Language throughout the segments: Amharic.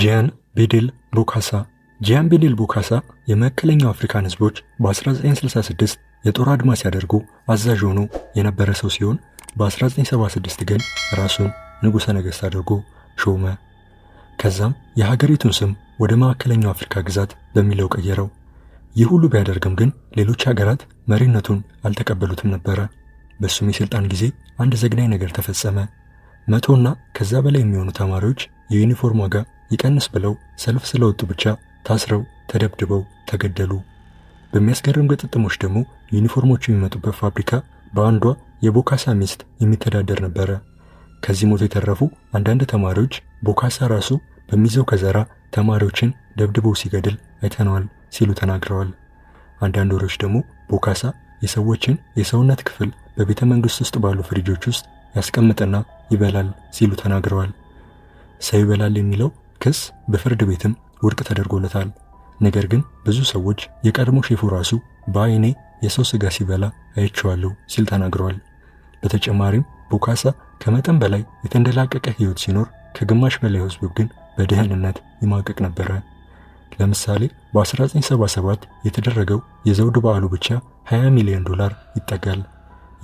ጂያን ቤዴል ቦካሳ ጂያን ቤዴል ቦካሳ የመካከለኛው አፍሪካን ህዝቦች በ1966 የጦር አድማ ሲያደርጉ አዛዥ ሆኖ የነበረ ሰው ሲሆን በ1976 ግን ራሱን ንጉሠ ነገሥት አድርጎ ሾመ። ከዛም የሀገሪቱን ስም ወደ መካከለኛው አፍሪካ ግዛት በሚለው ቀየረው። ይህ ሁሉ ቢያደርግም ግን ሌሎች ሀገራት መሪነቱን አልተቀበሉትም ነበረ። በእሱም የሥልጣን ጊዜ አንድ ዘግናኝ ነገር ተፈጸመ። መቶና ከዛ በላይ የሚሆኑ ተማሪዎች የዩኒፎርም ዋጋ ይቀንስ ብለው ሰልፍ ስለወጡ ብቻ ታስረው ተደብድበው ተገደሉ። በሚያስገርም ገጥጥሞች ደግሞ ዩኒፎርሞቹ የሚመጡበት ፋብሪካ በአንዷ የቦካሳ ሚስት የሚተዳደር ነበረ። ከዚህ ሞት የተረፉ አንዳንድ ተማሪዎች ቦካሳ ራሱ በሚይዘው ከዘራ ተማሪዎችን ደብድበው ሲገድል አይተነዋል ሲሉ ተናግረዋል። አንዳንድ ወሬዎች ደግሞ ቦካሳ የሰዎችን የሰውነት ክፍል በቤተ መንግስት ውስጥ ባሉ ፍሪጆች ውስጥ ያስቀምጥና ይበላል ሲሉ ተናግረዋል። ሰው ይበላል የሚለው ክስ በፍርድ ቤትም ውድቅ ተደርጎለታል። ነገር ግን ብዙ ሰዎች የቀድሞ ሼፉ ራሱ በአይኔ የሰው ስጋ ሲበላ አይቼዋለሁ ሲል ተናግረዋል። በተጨማሪም ቦካሳ ከመጠን በላይ የተንደላቀቀ ሕይወት ሲኖር ከግማሽ በላይ ሕዝቡ ግን በደህንነት ይማቀቅ ነበረ። ለምሳሌ በ1977 የተደረገው የዘውድ በዓሉ ብቻ 20 ሚሊዮን ዶላር ይጠጋል።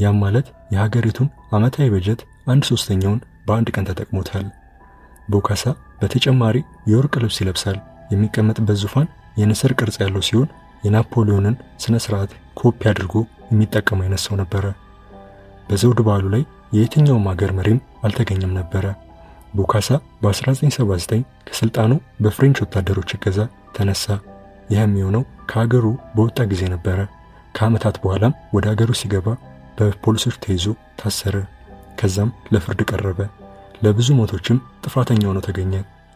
ያም ማለት የሀገሪቱን ዓመታዊ በጀት አንድ ሶስተኛውን በአንድ ቀን ተጠቅሞታል። ቦካሳ በተጨማሪ የወርቅ ልብስ ይለብሳል። የሚቀመጥበት ዙፋን የንስር ቅርጽ ያለው ሲሆን የናፖሊዮንን ስነ ስርዓት ኮፒ አድርጎ የሚጠቀም አይነት ሰው ነበረ። በዘውድ በዓሉ ላይ የየትኛውም ሀገር መሪም አልተገኘም ነበረ። ቦካሳ በ1979 ከስልጣኑ በፍሬንች ወታደሮች እገዛ ተነሳ። ይህም የሆነው ከሀገሩ በወጣ ጊዜ ነበረ። ከዓመታት በኋላም ወደ ሀገሩ ሲገባ በፖሊሶች ተይዞ ታሰረ። ከዛም ለፍርድ ቀረበ። ለብዙ ሞቶችም ጥፋተኛ ሆኖ ተገኘ።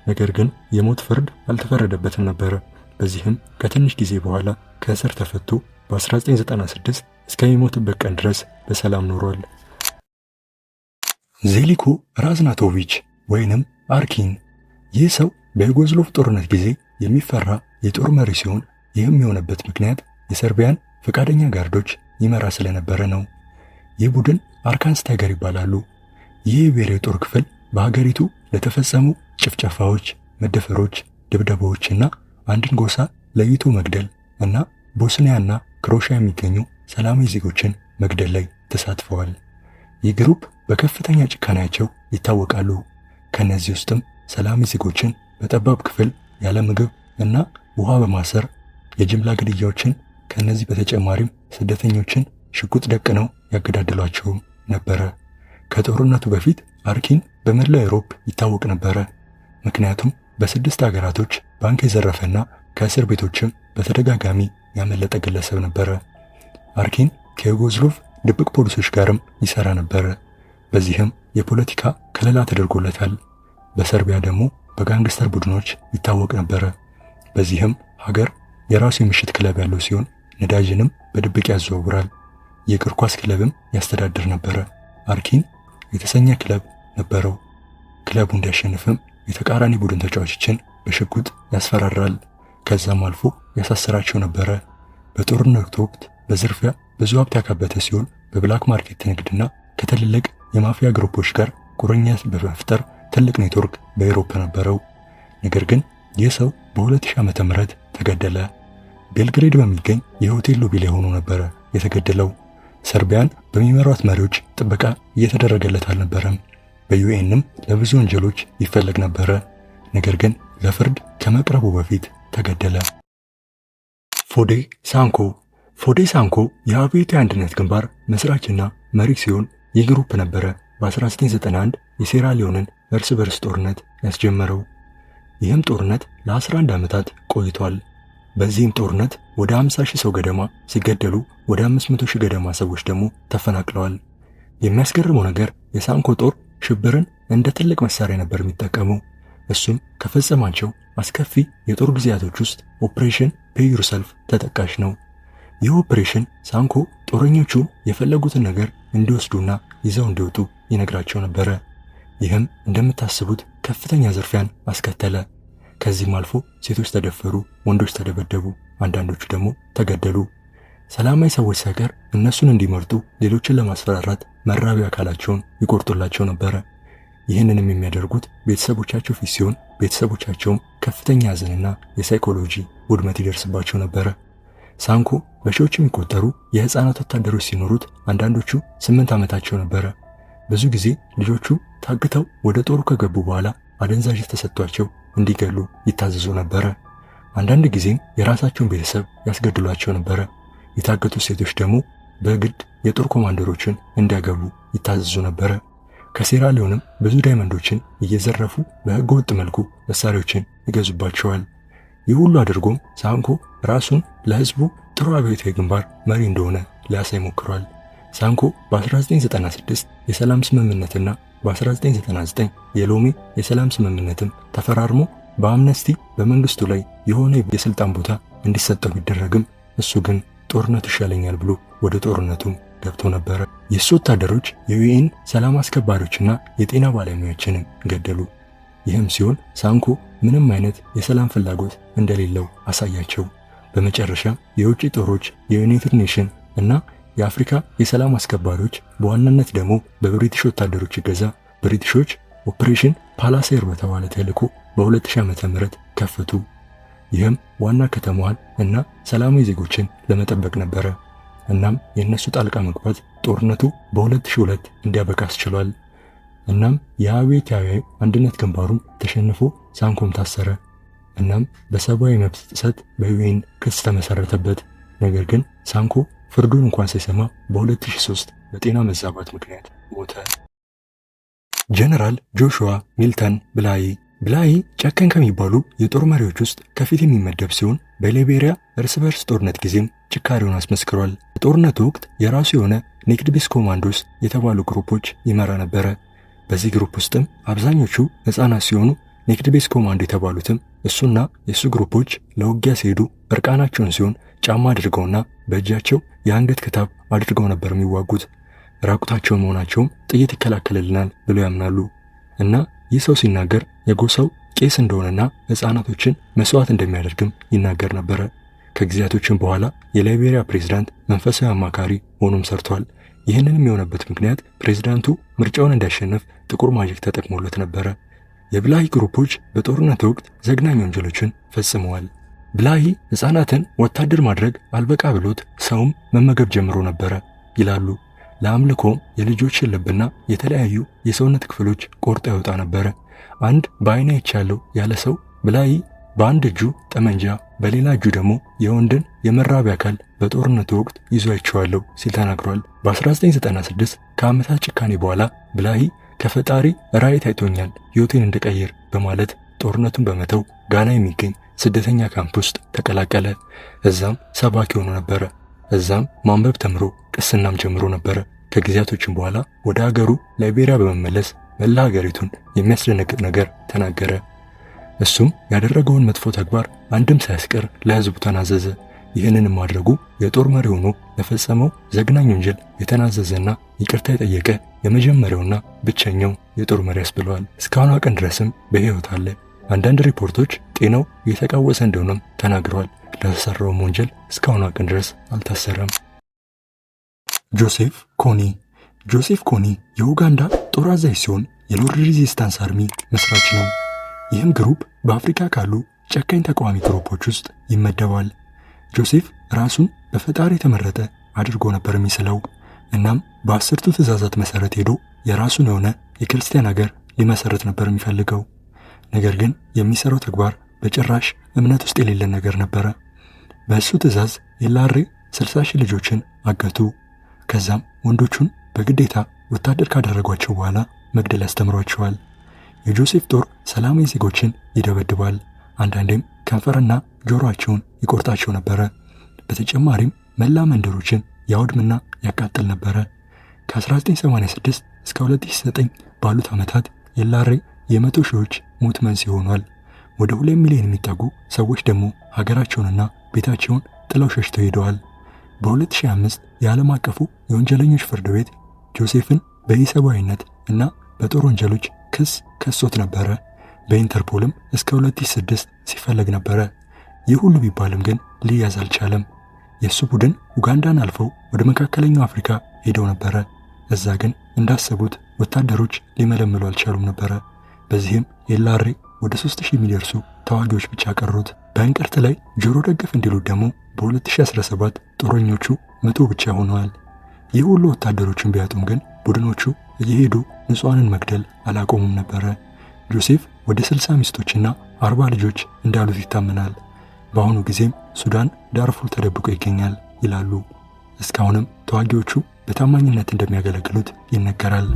ነገር ግን የሞት ፍርድ አልተፈረደበትም ነበረ። በዚህም ከትንሽ ጊዜ በኋላ ከእስር ተፈቶ በ1996 እስከሚሞትበት ቀን ድረስ በሰላም ኖሯል። ዜሊኮ ራዝናቶቪች ወይንም አርኪን። ይህ ሰው በዩጎዝሎቭ ጦርነት ጊዜ የሚፈራ የጦር መሪ ሲሆን ይህም የሆነበት ምክንያት የሰርቢያን ፈቃደኛ ጋርዶች ይመራ ስለነበረ ነው። ይህ ቡድን ታይገር ይባላሉ። ይህ ብሔራዊ ጦር ክፍል በሀገሪቱ ለተፈጸሙ ጭፍጨፋዎች፣ መደፈሮች፣ ድብደባዎችና አንድን ጎሳ ለይቶ መግደል እና ቦስኒያና ክሮሻ የሚገኙ ሰላማዊ ዜጎችን መግደል ላይ ተሳትፈዋል። ይህ ግሩፕ በከፍተኛ ጭካኔያቸው ይታወቃሉ። ከእነዚህ ውስጥም ሰላማዊ ዜጎችን በጠባብ ክፍል ያለ ምግብ እና ውሃ በማሰር የጅምላ ግድያዎችን፣ ከእነዚህ በተጨማሪም ስደተኞችን ሽጉጥ ደቅነው ያገዳድሏቸውም ነበረ። ከጦርነቱ በፊት አርኪን በመላው ዩሮፕ ይታወቅ ነበረ። ምክንያቱም በስድስት ሀገራቶች ባንክ የዘረፈና ከእስር ቤቶችም በተደጋጋሚ ያመለጠ ግለሰብ ነበረ። አርኪን ከዩጎዝሎቭ ድብቅ ፖሊሶች ጋርም ይሰራ ነበረ። በዚህም የፖለቲካ ከለላ ተደርጎለታል። በሰርቢያ ደግሞ በጋንግስተር ቡድኖች ይታወቅ ነበረ። በዚህም ሀገር የራሱ የምሽት ክለብ ያለው ሲሆን ነዳጅንም በድብቅ ያዘዋውራል። የእግር ኳስ ክለብም ያስተዳድር ነበረ። አርኪን የተሰኘ ክለብ ነበረው። ክለቡ እንዲያሸንፍም የተቃራኒ ቡድን ተጫዋቾችን በሽጉጥ ያስፈራራል፣ ከዛም አልፎ ያሳሰራቸው ነበረ። በጦርነት ወቅት በዝርፊያ ብዙ ሀብት ያካበተ ሲሆን በብላክ ማርኬት ንግድና ከትልልቅ የማፊያ ግሩፖች ጋር ቁርኛ በመፍጠር ትልቅ ኔትወርክ በአውሮፓ ነበረው። ነገር ግን ይህ ሰው በ2000 ምህረት ተገደለ። ቤልግሬድ በሚገኝ የሆቴል ሎቢ ላይ ሆኖ ነበረ የተገደለው። ሰርቢያን በሚመሯት መሪዎች ጥበቃ እየተደረገለት አልነበረም። በዩኤንም ለብዙ ወንጀሎች ይፈለግ ነበረ። ነገር ግን ለፍርድ ከመቅረቡ በፊት ተገደለ። ፎዴ ሳንኮ ፎዴ ሳንኮ የአብዮታዊ አንድነት ግንባር መስራችና መሪ ሲሆን ይህ ግሩፕ ነበረ በ1991 የሴራ ሊዮንን እርስ በርስ ጦርነት ያስጀመረው። ይህም ጦርነት ለ11 ዓመታት ቆይቷል። በዚህም ጦርነት ወደ 50 ሺህ ሰው ገደማ ሲገደሉ ወደ 500 ሺህ ገደማ ሰዎች ደግሞ ተፈናቅለዋል። የሚያስገርመው ነገር የሳንኮ ጦር ሽብርን እንደ ትልቅ መሳሪያ ነበር የሚጠቀመው። እሱም ከፈጸማቸው አስከፊ የጦር ጊዜያቶች ውስጥ ኦፕሬሽን ፔዩር ሰልፍ ተጠቃሽ ነው። ይህ ኦፕሬሽን ሳንኮ ጦረኞቹ የፈለጉትን ነገር እንዲወስዱና ይዘው እንዲወጡ ይነግራቸው ነበረ። ይህም እንደምታስቡት ከፍተኛ ዝርፊያን አስከተለ። ከዚህም አልፎ ሴቶች ተደፈሩ፣ ወንዶች ተደበደቡ፣ አንዳንዶቹ ደግሞ ተገደሉ። ሰላማዊ ሰዎች ሳይቀር እነሱን እንዲመርጡ ሌሎችን ለማስፈራራት መራቢያ አካላቸውን ይቆርጡላቸው ነበረ። ይህንንም የሚያደርጉት ቤተሰቦቻቸው ፊት ሲሆን ቤተሰቦቻቸውም ከፍተኛ ሐዘንና የሳይኮሎጂ ውድመት ይደርስባቸው ነበረ። ሳንኮ በሺዎች የሚቆጠሩ የሕፃናት ወታደሮች ሲኖሩት አንዳንዶቹ ስምንት ዓመታቸው ነበረ። ብዙ ጊዜ ልጆቹ ታግተው ወደ ጦሩ ከገቡ በኋላ አደንዛዥ ተሰጥቷቸው እንዲገሉ ይታዘዙ ነበረ። አንዳንድ ጊዜ የራሳቸውን ቤተሰብ ያስገድሏቸው ነበረ። የታገቱ ሴቶች ደግሞ በግድ የጦር ኮማንደሮችን እንዲያገቡ ይታዘዙ ነበረ። ከሴራ ሊዮንም ብዙ ዳይመንዶችን እየዘረፉ በህገወጥ ወጥ መልኩ መሳሪያዎችን ይገዙባቸዋል። ይህ ሁሉ አድርጎም ሳንኮ ራሱን ለህዝቡ ጥሩ አብዮታዊ ግንባር መሪ እንደሆነ ሊያሳይ ሞክሯል። ሳንኮ በ1996 የሰላም ስምምነትና በ1999 የሎሜ የሰላም ስምምነትም ተፈራርሞ በአምነስቲ በመንግስቱ ላይ የሆነ የስልጣን ቦታ እንዲሰጠው ቢደረግም እሱ ግን ጦርነቱ ይሻለኛል ብሎ ወደ ጦርነቱ ገብቶ ነበረ። የእሱ ወታደሮች የዩኤን ሰላም አስከባሪዎችና የጤና ባለሙያዎችንም ገደሉ። ይህም ሲሆን ሳንኮ ምንም አይነት የሰላም ፍላጎት እንደሌለው አሳያቸው። በመጨረሻ የውጭ ጦሮች የዩናይትድ ኔሽን እና የአፍሪካ የሰላም አስከባሪዎች በዋናነት ደግሞ በብሪቲሽ ወታደሮች እገዛ ብሪቲሾች ኦፕሬሽን ፓላሴር በተባለ ተልዕኮ በ2000 ዓ.ም ከፈቱ። ይህም ዋና ከተማዋን እና ሰላማዊ ዜጎችን ለመጠበቅ ነበረ። እናም የእነሱ ጣልቃ መግባት ጦርነቱ በ2002 እንዲያበቃ አስችሏል። እናም የአብዮታዊ አንድነት ግንባሩም ተሸንፎ ሳንኮም ታሰረ። እናም በሰብአዊ መብት ጥሰት በዩኤን ክስ ተመሰረተበት። ነገር ግን ሳንኮ ፍርዱን እንኳን ሳይሰማ በ2003 በጤና መዛባት ምክንያት ሞተ። ጀነራል ጆሹዋ ሚልተን ብላይ ብላይ ጨከን ከሚባሉ የጦር መሪዎች ውስጥ ከፊት የሚመደብ ሲሆን በሊቤሪያ እርስ በርስ ጦርነት ጊዜም ጭካሪውን አስመስክሯል። በጦርነቱ ወቅት የራሱ የሆነ ኔክድ ቤስ ኮማንዶስ የተባሉ ግሩፖች ይመራ ነበረ። በዚህ ግሩፕ ውስጥም አብዛኞቹ ሕፃናት ሲሆኑ ኔክድ ቤስ ኮማንዶ የተባሉትም እሱና የእሱ ግሩፖች ለውጊያ ሲሄዱ እርቃናቸውን ሲሆን ጫማ አድርገውና በእጃቸው የአንገት ክታብ አድርገው ነበር የሚዋጉት። ራቁታቸው መሆናቸውም ጥይት ይከላከልልናል ብለው ያምናሉ እና ይህ ሰው ሲናገር የጎሳው ቄስ እንደሆነና ሕፃናቶችን መስዋዕት እንደሚያደርግም ይናገር ነበረ። ከጊዜያቶችን በኋላ የላይቤሪያ ፕሬዝዳንት መንፈሳዊ አማካሪ ሆኖም ሰርቷል። ይህንንም የሆነበት ምክንያት ፕሬዝዳንቱ ምርጫውን እንዳሸነፍ ጥቁር ማጅክ ተጠቅሞለት ነበረ። የብላይ ግሩፖች በጦርነት ወቅት ዘግናኝ ወንጀሎችን ፈጽመዋል። ብላሂ ሕፃናትን ወታደር ማድረግ አልበቃ ብሎት ሰውም መመገብ ጀምሮ ነበረ ይላሉ። ለአምልኮም የልጆችን ልብና የተለያዩ የሰውነት ክፍሎች ቆርጦ ያወጣ ነበረ። አንድ በአይና አይቻለሁ ያለ ሰው ብላሂ በአንድ እጁ ጠመንጃ በሌላ እጁ ደግሞ የወንድን የመራቢያ አካል በጦርነቱ ወቅት ይዞ አይቼዋለሁ ሲል ተናግሯል። በ1996 ከዓመታት ጭካኔ በኋላ ብላሂ ከፈጣሪ ራእይ ታይቶኛል ሕይወቴን እንድቀይር በማለት ጦርነቱን በመተው ጋና የሚገኝ ስደተኛ ካምፕ ውስጥ ተቀላቀለ። እዛም ሰባኪ ሆኖ ነበረ። እዛም ማንበብ ተምሮ ቅስናም ጀምሮ ነበረ። ከጊዜያቶችም በኋላ ወደ ሀገሩ ላይቤሪያ በመመለስ መላ ሀገሪቱን የሚያስደነግጥ ነገር ተናገረ። እሱም ያደረገውን መጥፎ ተግባር አንድም ሳያስቀር ለህዝቡ ተናዘዘ። ይህንንም ማድረጉ የጦር መሪ ሆኖ ለፈጸመው ዘግናኝ ወንጀል የተናዘዘና ይቅርታ የጠየቀ የመጀመሪያውና ብቸኛው የጦር መሪ ያስብለዋል። እስካሁኗ ቀን ድረስም በሕይወት አለ። አንዳንድ ሪፖርቶች ጤናው የተቃወሰ እንደሆነም ተናግረዋል። ለተሰራውም ወንጀል እስካሁኗ ቀን ድረስ አልታሰረም። ጆሴፍ ኮኒ ጆሴፍ ኮኒ የኡጋንዳ ጦር አዛዥ ሲሆን የሎርድ ሬዚስታንስ አርሚ መስራች ነው። ይህም ግሩፕ በአፍሪካ ካሉ ጨካኝ ተቃዋሚ ግሩፖች ውስጥ ይመደባል። ጆሴፍ ራሱን በፈጣሪ የተመረጠ አድርጎ ነበር የሚስለው። እናም በአስርቱ ትእዛዛት መሰረት ሄዶ የራሱን የሆነ የክርስቲያን ሀገር ሊመሰረት ነበር የሚፈልገው። ነገር ግን የሚሰራው ተግባር በጭራሽ እምነት ውስጥ የሌለን ነገር ነበረ። በእሱ ትዕዛዝ የላሬ 60 ሺህ ልጆችን አገቱ። ከዛም ወንዶቹን በግዴታ ወታደር ካደረጓቸው በኋላ መግደል ያስተምሯቸዋል። የጆሴፍ ጦር ሰላማዊ ዜጎችን ይደበድባል። አንዳንዴም ከንፈርና ጆሮአቸውን ይቆርጣቸው ነበረ። በተጨማሪም መላ መንደሮችን ያውድምና ያቃጥል ነበረ። ከ1986 እስከ 2009 ባሉት ዓመታት የላሬ የመቶ ሺዎች ሞት መንስኤ ሆኗል። ወደ ሁለት ሚሊዮን የሚጠጉ ሰዎች ደግሞ ሀገራቸውንና ቤታቸውን ጥለው ሸሽተው ሄደዋል። በ2005 የዓለም አቀፉ የወንጀለኞች ፍርድ ቤት ጆሴፍን በኢሰብአዊነት እና በጦር ወንጀሎች ክስ ከሶት ነበረ። በኢንተርፖልም እስከ 2006 ሲፈለግ ነበረ። ይህ ሁሉ ቢባልም ግን ሊያዝ አልቻለም። የእሱ ቡድን ኡጋንዳን አልፈው ወደ መካከለኛው አፍሪካ ሄደው ነበረ። እዛ ግን እንዳሰቡት ወታደሮች ሊመለምሉ አልቻሉም ነበረ። በዚህም ኤላሬ ወደ 3000 የሚደርሱ ተዋጊዎች ብቻ ቀሩት። በእንቅርት ላይ ጆሮ ደግፍ እንዲሉት ደግሞ በ2017 ጦረኞቹ መቶ ብቻ ሆነዋል። ይህ ሁሉ ወታደሮችን ቢያጡም ግን ቡድኖቹ እየሄዱ ንጹሐንን መግደል አላቆሙም ነበረ። ጆሴፍ ወደ 60 ሚስቶችና 40 ልጆች እንዳሉት ይታመናል። በአሁኑ ጊዜም ሱዳን ዳርፉር ተደብቆ ይገኛል ይላሉ። እስካሁንም ተዋጊዎቹ በታማኝነት እንደሚያገለግሉት ይነገራል።